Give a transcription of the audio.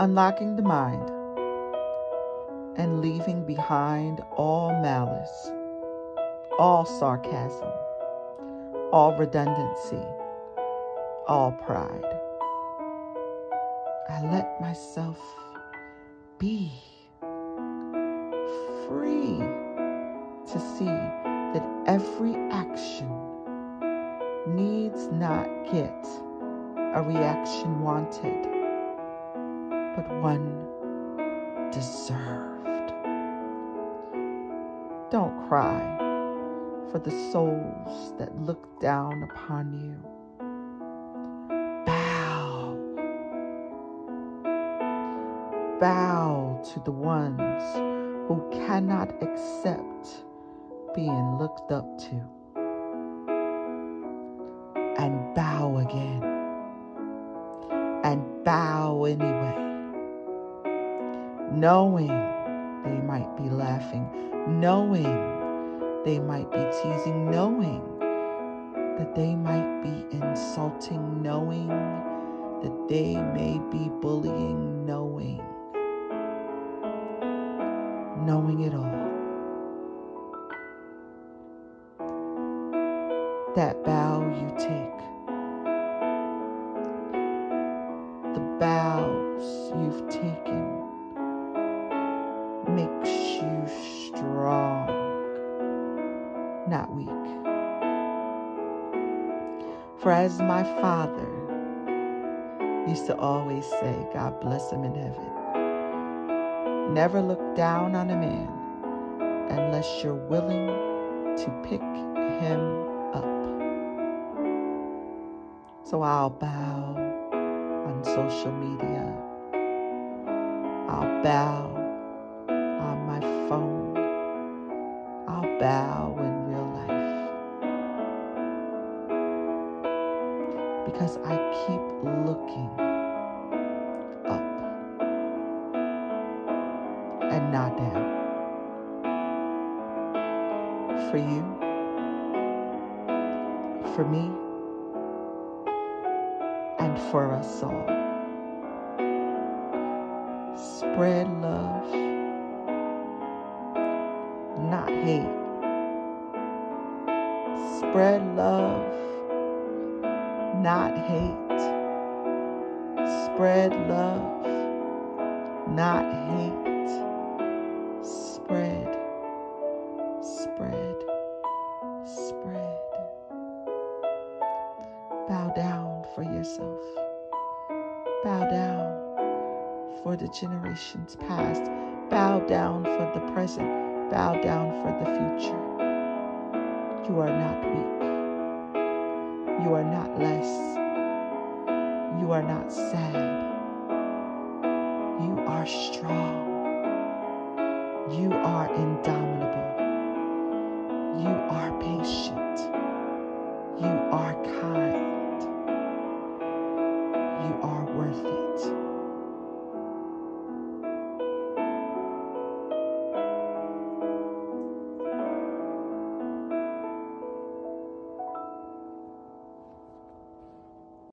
unlocking the mind and leaving behind all malice, all sarcasm, all redundancy, all pride. I let myself be free to see that every action needs not get a reaction wanted but one deserved. Don't cry for the souls that look down upon you. Bow. Bow to the ones who cannot accept being looked up to. And bow again. And bow anyway knowing they might be laughing, knowing they might be teasing, knowing that they might be insulting, knowing that they may be bullying, knowing, knowing it all. That bow you take, the bows you've taken For as my father used to always say, God bless him in heaven, never look down on a man unless you're willing to pick him up. So I'll bow on social media. I'll bow on my phone. I'll bow because I keep looking up and not down. For you, for me, and for us all. Spread love, not hate. Spread love not hate. Spread love, not hate. Spread, spread, spread. Bow down for yourself. Bow down for the generations past. Bow down for the present. Bow down for the future. You are not weak. You are not less. You are not sad. You are strong. You are indomitable. You are patient. You are kind. You are worthy.